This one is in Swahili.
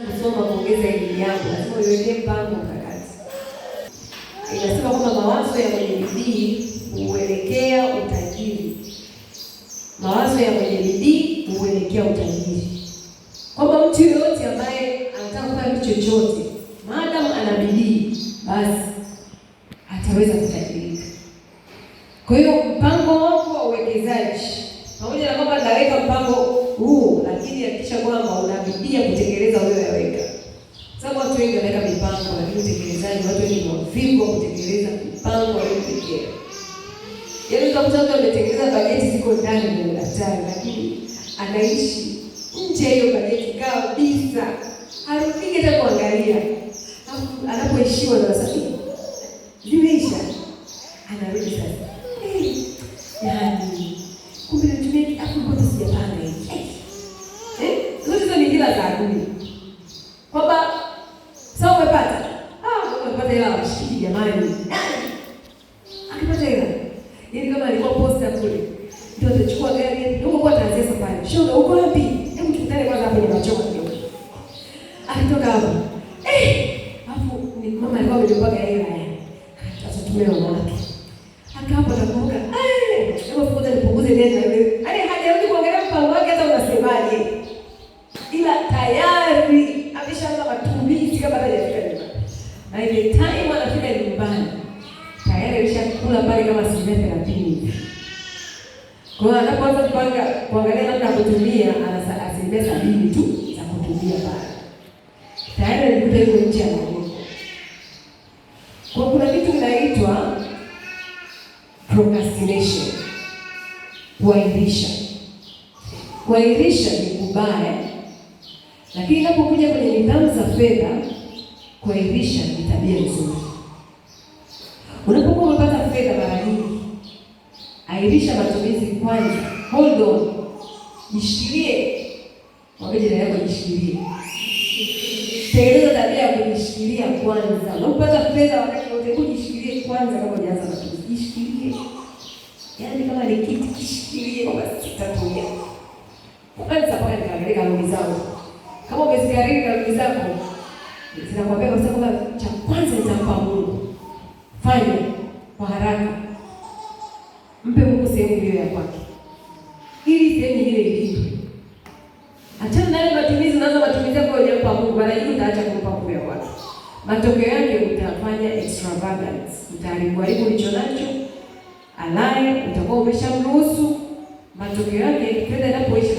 kusoma kuongeza elimu yako, lazima uiwekee mpango mkakati. Inasema kwamba mawazo ya mwenye bidii huelekea utajiri, mawazo ya mwenye bidii huelekea utajiri, kwamba mtu yoyote ambaye anataka kufanya kitu chochote, maadamu ana bidii, basi ataweza kutajirika. Kwa hiyo mpango wako wa uwekezaji, pamoja na kwamba naweka mpango huu, lakini hakikisha kwamba unapitia kutekeleza ulioyaweka, sababu watu wengi wanaweka mipango, lakini utekelezaji, watu wengi ni wavimbo kutekeleza mipango waliojiwekea. Yaani utakuta mtu ametengeneza bajeti ziko ndani ya udaktari, lakini anaishi nje hiyo bajeti kabisa, harufiki hata kuangalia. Anapoishiwa na wasafi zimeisha, anarudi sasa, eh, yaani Yaani kama alikuwa posta kule. Ndio atachukua gari yake. Huko kwa taanzia safari. Shoga uko wapi? Hebu tukutane kwanza hapo kwa machoka hiyo. Alitoka hapo. Eh! Alafu ni mama alikuwa gari yake. Sasa tumeona mama yake. hapo atakumbuka. Eh! Hebu fukuza nipunguze tena yule. Yaani hajarudi kuangalia mpango wake hata unasemaje. Ila tayari ameshaanza matumizi kama hajafika nyumbani. Na ile time mbali kama asilimia thelathini. Kwa hiyo anapoanza kupanga kuangalia namna ya kutumia, ana asilimia sabini tu za kutumia pale tayari alikuta hiyo nje ya magogo. Kwa kuna kitu kinaitwa procrastination, kuahirisha. Kuahirisha ni kubaya, lakini inapokuja kwenye nidhamu za fedha, kuahirisha ni tabia nzuri fedha mara nyingi. Airisha matumizi kwanza, hold on, jishikilie. Mwambie jirani yako jishikilie, tengeneza tabia ya kujishikilia kwanza. Na upata fedha wakati wote, kujishikilie kwanza. Kama unaanza matumizi, jishikilie. Yaani kama ni kitu kishikilie, kwa kwamba sitatumia ukanisa mpaka nikaangalia kanuni zangu. Kama umeziangalia kanuni zako, zinakwambia kwa sababu cha kwanza nitampa Mungu fanya kwa haraka. Mpe Mungu sehemu hiyo ya kwake, ili sehemu ile ilipwe. Achana na yale matumizi unaanza matumizi yako hujampa Mungu, mara nyingi utaacha kumpa Mungu ya kwake. Matokeo yake utafanya extravagance, utaharibu haribu ulicho nacho, alaye utakuwa umeshamruhusu. Matokeo yake fedha inapoisha